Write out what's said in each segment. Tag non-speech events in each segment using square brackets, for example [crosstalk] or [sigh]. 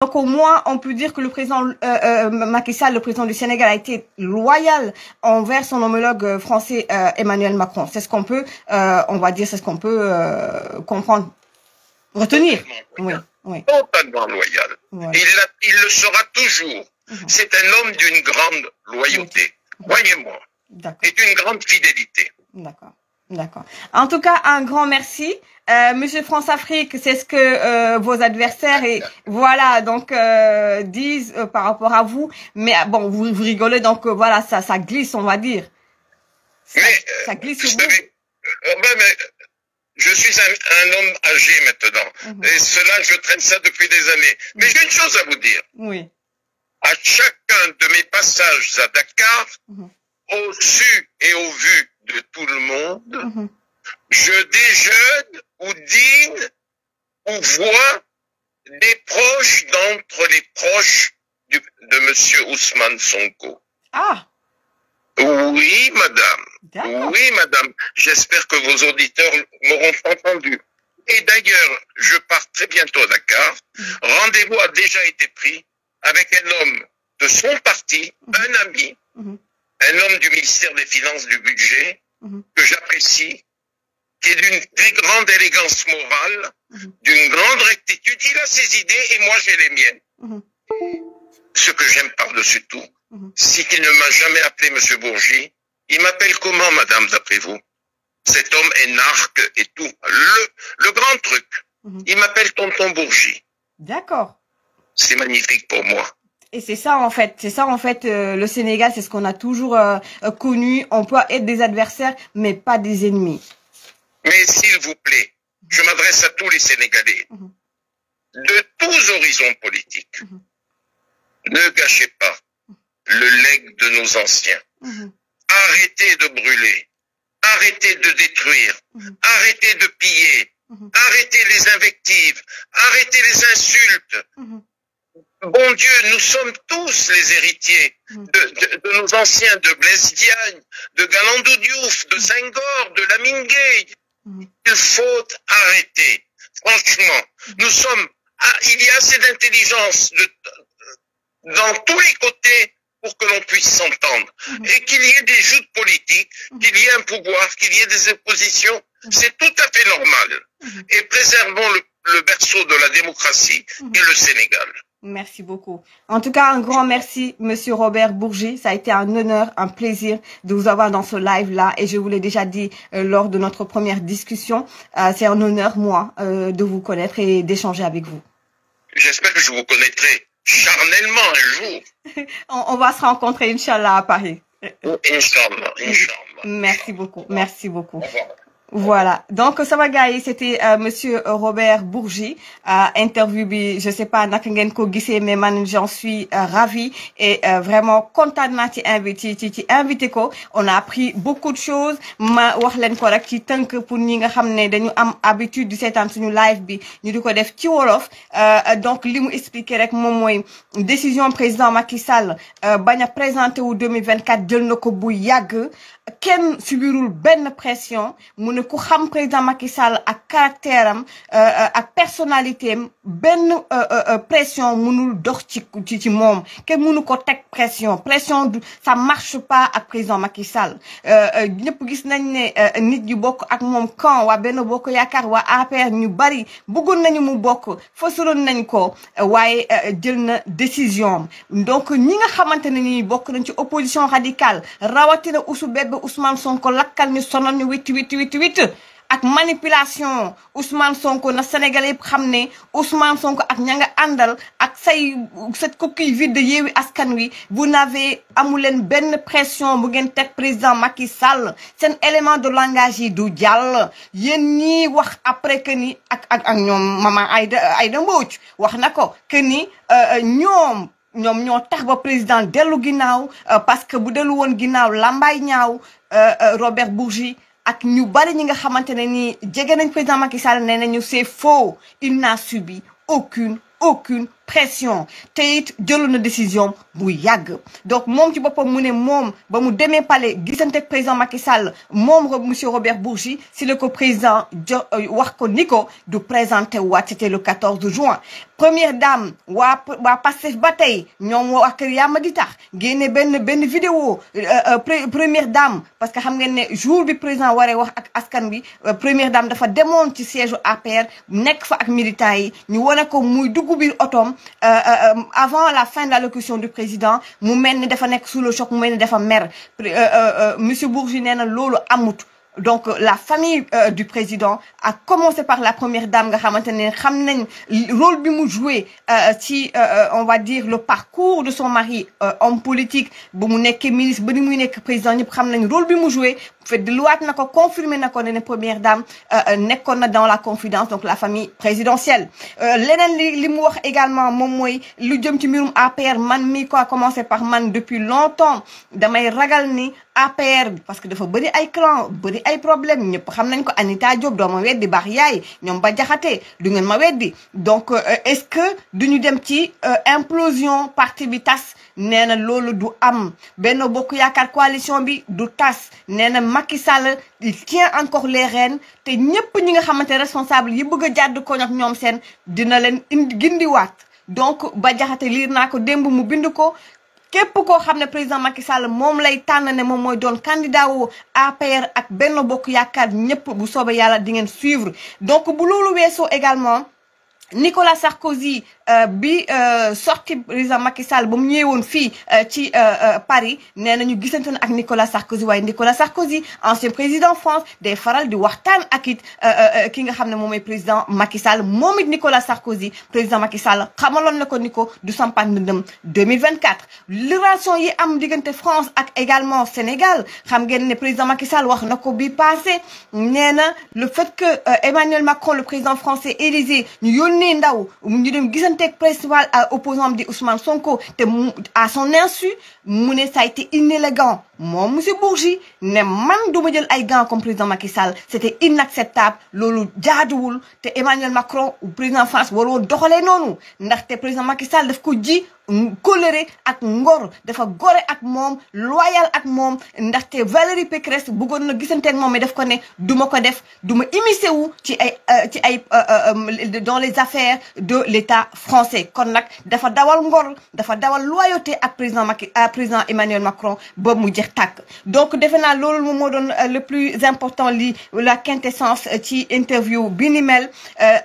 Donc au moins, on peut dire que le président euh, euh le président du Sénégal, a été loyal envers son homologue euh, français euh, Emmanuel Macron. C'est ce qu'on peut, on va dire, c'est ce qu'on peut comprendre, retenir. Oui, oui. Il, le sera toujours. Mhm. C'est un homme d'une grande loyauté. Mm -hmm. croyez Et d'une grande fidélité. D'accord. D'accord. En tout cas, un grand merci. Euh, Monsieur France Afrique, c'est ce que euh, vos adversaires [laughs] voilà donc euh, disent euh, par rapport à vous. Mais ah, vous, rigolez donc euh, voilà ça glisse on va dire. je suis un, homme âgé maintenant mhm. et cela je traîne ça depuis des années. Mhm. Mais j'ai une chose à vous dire. Oui. À chacun de mes passages à Dakar, mhm. au su et au vu de tout le monde, mm -hmm. je déjeune ou dîne ou vois des proches d'entre les proches de Monsieur Ousmane Sonko. Ah. Oui, madame. Oui, madame. J'espère que vos auditeurs m'auront entendu. Et d'ailleurs, je pars très bientôt à Dakar. Mmh. Rendez-vous a déjà été pris avec un homme de son parti, mmh. un ami, mmh. un homme du ministère des Finances du Budget, mmh. que j'apprécie, qui est d'une grande élégance morale, mmh. d'une grande rectitude. Il a ses idées et moi j'ai les miennes. Mm-hmm. Ce que j'aime par-dessus tout, mm-hmm. c'est qu'il ne m'a jamais appelé Monsieur Bourgie. Il m'appelle comment, Madame, d'après vous Cet homme est narque et tout. Le, le grand truc. Mm-hmm. Il m'appelle Tonton Bourgie. D'accord. C'est magnifique pour moi. Et c'est ça en fait, en fait euh, le Sénégal, c'est ce qu'on a toujours euh, euh, connu. On peut être des adversaires, mais pas des ennemis. Mais s'il vous plaît, je m'adresse à tous les Sénégalais mhm. de tous horizons politiques. Mhm. Ne gâchez pas le legs de nos anciens. Mhm. Arrêtez de brûler, arrêtez de détruire, arrêtez de piller, arrêtez les invectives, arrêtez les insultes. Bon Dieu, nous sommes tous les héritiers mm. de, de, de nos anciens, de Blaise Diagne, de Galandou Diouf, de mm. Senghor, de Lamine Gay. Mm. Il arrêter. Franchement, nous sommes. Ah, il y a assez d'intelligence dans tous les côtés pour que l'on puisse s'entendre. Et qu'il y ait des joutes politiques, qu'il y ait un pouvoir, qu'il y ait des oppositions, c'est tout à fait normal. Et préservons le berceau de la démocratie et le Sénégal. Merci beaucoup. En tout cas, un grand merci, Monsieur Robert Bourgi. Ça a été un honneur, un plaisir de vous avoir dans ce live-là. Et je vous l'ai déjà dit euh, lors de notre première discussion, euh, c'est un honneur, euh, de vous connaître et d'échanger avec vous. J'espère que je vous connaîtrai charnellement un jour. [laughs] on, va se rencontrer, Inch'Allah, à Paris. Inch'Allah, Inch'Allah. Merci beaucoup, merci beaucoup. voilà donc sama gars yi c'était euh, monsieur euh, Robert Bourgi euh, interview bi je sais pas naka ngeen ko gisee mais man j'en suis ravie et vraiment kontaan naa ci invité ci ci invité ko on a appris beaucoup de choses ma wax leen ko rek ci tënk pour ñi nga xam ne dañu am habitude di seetaan suñu live bi ñu di ko def ci wolof donc li mu expliqué rek moom mooy décision président Macky Sall bañ a présenté wu 2024 jël na ko bu yàgg kenn subirul benn pression mu ne ku xam président Macky Sall ak caractère am euh, euh, ak personnalité am benn euh, pression mënul dox ci ci ci moom kenn mënu ko teg pression pression du ça marche pas ak président Macky Sall ñëpp gis nañ ne nit ñu bokk ak moom camp waa benn bokk yaakaar waa APR ñu bari bëggoon nañu mu bokk fësaloon nañ ko waaye jël na décision donc ñi nga xamante ne nii bokk nañ ci opposition radicale rawatina Ousou Bébé kàddu Ousmane Sonko lakkal ñu sonal ñu witt witt witt witt ak manipulation Ousmane Sonko na Sénégalais yëpp xam ne Ousmane Sonko ak ña nga àndal ak say sa coquille vide yeewi askan wi bu n'avez amu leen benn pression bu ngeen teg président Macky Sall seen élément de langage du jal yéen ñii wax après que ni ak ak ak ñoom maman Aïda Aïda Mbodj wax na ko que ni euh, euh, ñoom. ñoom ñoo tax ba président dellu ginnaaw euh, parce que bu dellu woon ginnaaw lambay ñaaw euh, euh, Robert Bourgi ak ñu bari ñi nga xamante ne nii jege nañ président Macky Sall nee nañu c'est faux il n'a subi aucune aucune pression te it jëloon na décision bu yàgg donc moom ci boppam mu ne moom ba mu demee palais gisante ak président Macky Sall moom monsieur Robert Bourgi si le ko président jo euh, wax ko ni ko du présenté waat c'était le 14 juin première dame waa waa Pastef ba tey ñoom waa kër yaa ma di tax génne benn benn vidéo euh, euh, première dame parce que xam ngeen ne jour bi président waree wax ak askan bi première dame dafa demoon ci siège APR nekk fa ak militants ne ko muy dugg biir otoom euh, euh, euh, avant la fin de l'allocution du président mu mel ni dafa nekk sous le choc mu mel ni dafa mer monsieur Bourgi nee na loolu amut donc la famille du président a commencé par la première dame nga xamante ne xam nañ rôle bi mu joué ci on va dire le parcours de son mari homme politique ba mu nekkee ministre ba ni muy nekk président ñëpp xam nañ rôle bi mu joué feddiluwaat na ko confirmé na ko ne ne première dame euh, euh, nekkoon na dans la confidence donc la famille présidentielle euh, leneen li li mu wax également moom mooy lu jëm ci mbirum APR man mi ko commencé par man depuis longtemps damay ragal ni APR bi parce que dafa bëri ay clan bëri ay problème ñëpp xam nañ ko Anita Diop doo ma weddi baax yaay ñoom ba jaxatee du ngeen ma weddi donc est-ce que du duñu dem ci implosion parti bi tas nee na loolu du am benn Bokk Yaakaar coalition bi du tas nee na Macky Sall il tient encore les rênes te ñépp ñi nga xamante responsable yi bëgg a jàdd ko ak ñoom seen dina leen indi gindiwaat donc ba jaxate liir naa ko démb mu bind ko képp koo xam ne président Macky Sall moom lay tànn ne moom mooy doon candidat wu APR ak benn Bokk Yaakaar ñëpp bu soobee yàlla di ngeen suivre donc bu loolu weesoo également Nicolas Sarkozy euh, bi euh, sorti président Macky Sall ba mu ñëwoon fii euh, ci Paris nee na ñu gisante na ak Nicolas Sarkozy waaye Nicolas Sarkozy ancien président France day faral di waxtaan ak it ki nga xam ne moom mooy président Macky Sall moom it Nicolas Sarkozy président Macky Sall xamaloon na ko ni ko du sampan ndëndëm 2024. relation yi am diggante France ak également Sénégal xam ngeen ne président Macky Sall wax na ko bi passé nee na le fait que Emmanuel Macron le président français Élysée yónnee ndaw ñu dem gisanteeg principal euh, opposant di Ousmane Sonko te mu à son insu mu ne ça a été inélégant moom monsieur Bourgi ne man du ma jël ay gants comme président Macky Sall c' était inacceptable loolu jaaduwul te Emmanuel Macron président France waroo doxalee noonu ndaxte président Macky Sall daf ko ji. kóllëre ak ngor dafa gore ak moom loyal ak moom ndaxte Valérie Pécresse bëggoon na gisante ak moom mais daf ko ne du ma ko def du ma immiscé wu ci ay euh, ci ay euh, euh, dans les affaires de l'État français kon nag dafa dawal ngor dafa dawal loyauté ak président Macky président Emmanuel Macron ba mu jeex tàkk donc defe naa loolu moom moo doon le plus important li la quintessence ci interview bi ni mel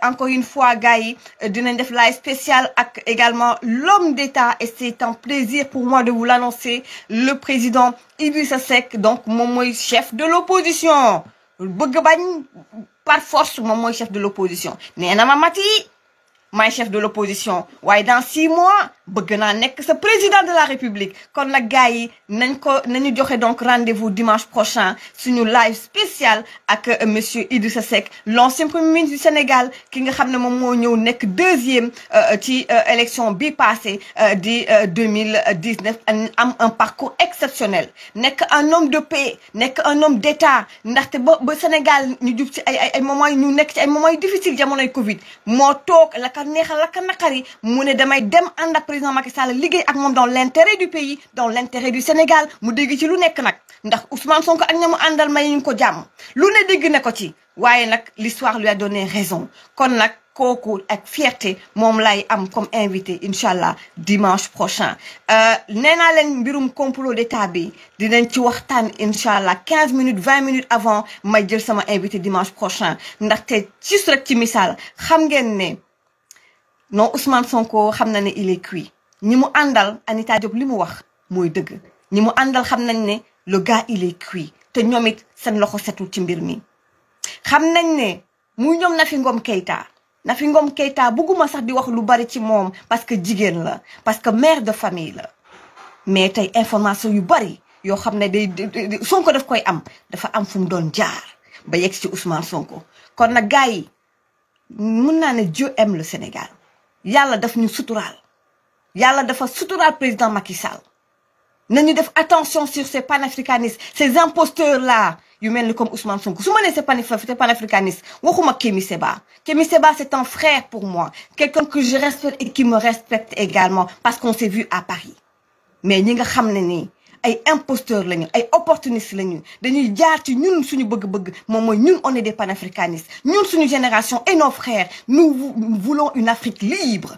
encore une fois gars yi dinañ def live spécial ak également l'homme des l'État et c'est un plaisir pour moi de vous l'annoncer le président Idrissa Seck donc moom mooy chef de l'opposition bëgg bañ par force moom mooy chef de l'opposition nee na ma mati maay chef de l'opposition waaye dans six mois bëgg naa nekk sa président de la république kon nag gars yi nañ ko nañu joxe donc rendez-vous dimanche prochain suñu live spécial ak euh, monsieur Idrissa Seck l'ancien premier ministre du Sénégal ki nga xam ne moom moo ñëw nekk deuxième euh, euh, ci élection bi passé de 2019 am un parcours exceptionnel nekk un homme de paix nekk un homme d'État ndaxte ba ba Sénégal ñu jub ci ay ay ay moments ñu nekk ci ay moments yu difficile jamonoy Covid moo toog neexal la ka naqari mu ne damay dem ànd ak président Macky Sall liggéey ak moom dans l' intérêt du pays dans l' intérêt du Sénégal mu dégg ci lu nekk nag ndax Ousmane Sonko ak ña mu àndal may ñu ko jàmm lu ne dégg na ko ci waaye nag l'histoire lui a donné raison kon nag kooku ak fierté moom lay am comme invité incha allah dimanche prochain euh, nee naa leen mbirum complot d'état bi dinañ ci waxtaan incha allah 15 minutes vingt minutes avant may jël sama invité dimanche prochain ndaxte juste ci misaal xam ngeen ne non Ousmane Sonko xam na ne il est cuit ñi mu àndal Anita Diop li mu wax mooy dëgg ñi mu àndal xam nañ ne le gars il est te ñoom it seen loxo setu ci mbir mi. xam nañ ne muy ñoom na Nafi Ngom na fi Ngom Keita bugguma sax di wax lu bari ci moom parce que jigéen la parce que mère de famille la mais tey information yu bari yoo xam ne day Sonko daf koy am dafa am fu mu doon jaar ba yeg ci Ousmane Sonko kon nag gars yi mun naa ne Dieu aime le Sénégal. yàlla daf ñu suturaal yàlla dafa suturaal président Macky Sall nañu def attention sur ces panafricanistes ces imposteurs là yu mel ni comme Ousmane Sonko su ma nee c'est panafricaniste waxuma Kémi Séba Kémi Séba c'est un frère pour moi quelqu'un que je respecte et qui me respecte également parce qu'on s'est vu à Paris mais ñi nga xam ne nii ay imposteurs lañu ay opportunistes lañu dañuy jaar ci ñun suñu bëgg-bëgg moom mooy ñun on est des panafricanistes ñun suñu génération et nos frères nous voulons une Afrique libre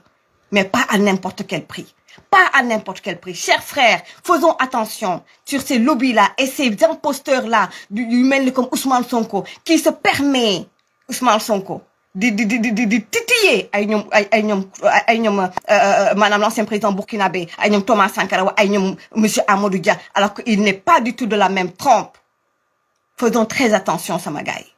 mais pas à n'importe quel prix pas à n'importe quel prix chers frères faisons attention sur ces lobbies là et ces imposteurs là yu mel ni comme Ousmane Sonko qui se permet Ousmane Sonko di di di di di titiller ay ñoom ay ay ñoom ay ñoom euh, euh, maanaam l'ancien président burkinabé ay ñoom Thomas Sankara wa ay ñoom monsieur Amadou Dia alors que il n'est pas du tout de la même trempe faisons très attention sama gars yi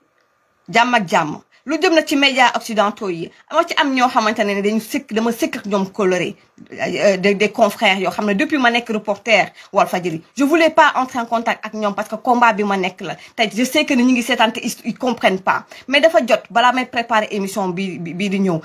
jàmm jàmm lu jëm na ci médias occidentaux yi ama ci am ñoo xamante ne dañu sëkk dama sëkk ak ñoom coloré euh, des des confrères yoo xam ne depuis ma nekk reporter Walfadjri je voulais pas entrer en contact ak ñoom parce que combat bi ma nekk la te je sais que ni ñu ngi seetaan te ils comprennent pas mais dafa jot balaa may préparer émission bi bii di ñëw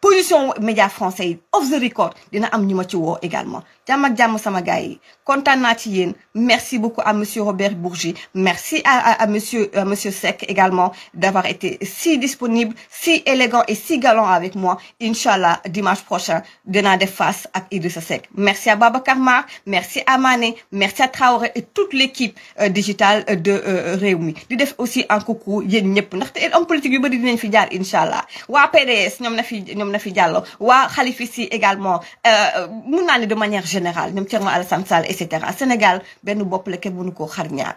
position média français yi the record dina am ñu ma ci woo également jàmm ak jàmm sama gars yi kontaan naa ci yéen merci beaucoup à monsieur Robert Bourgi merci à, à, à euh, monsieur Seck également d'avoir été si disponible si élégant et si galant avec moi inchallah dimanche prochain dinaa def face ak Idrissa Seck merci à Babacar Mar merci à Mané merci à Traoré et toute l'équipe euh, digitale de euh, Rewmi di def aussi un coucou yéen ñëpp ndaxte homme politique yu bëri dinañ fi jaar inchallah waa PDS ñoom na fi ñoom na fi jàllo waa Khalifa Sy également euh, mun naa ne de manière général ñoom Thierno Alassane Sall et cetera Sénégal benn bopp la kenn nu koo xar ñaar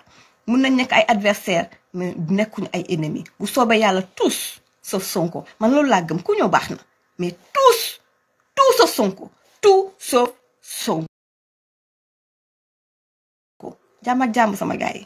mun nañ nekk ay adversaire mais nekkuñu ay ennemis bu soobee yàlla tous sauf Sonko man loolu laa gëm ku ñëw baax na mais tous tout sauf Sonko tout sauf Sonko. jàmm ak sama gars yi.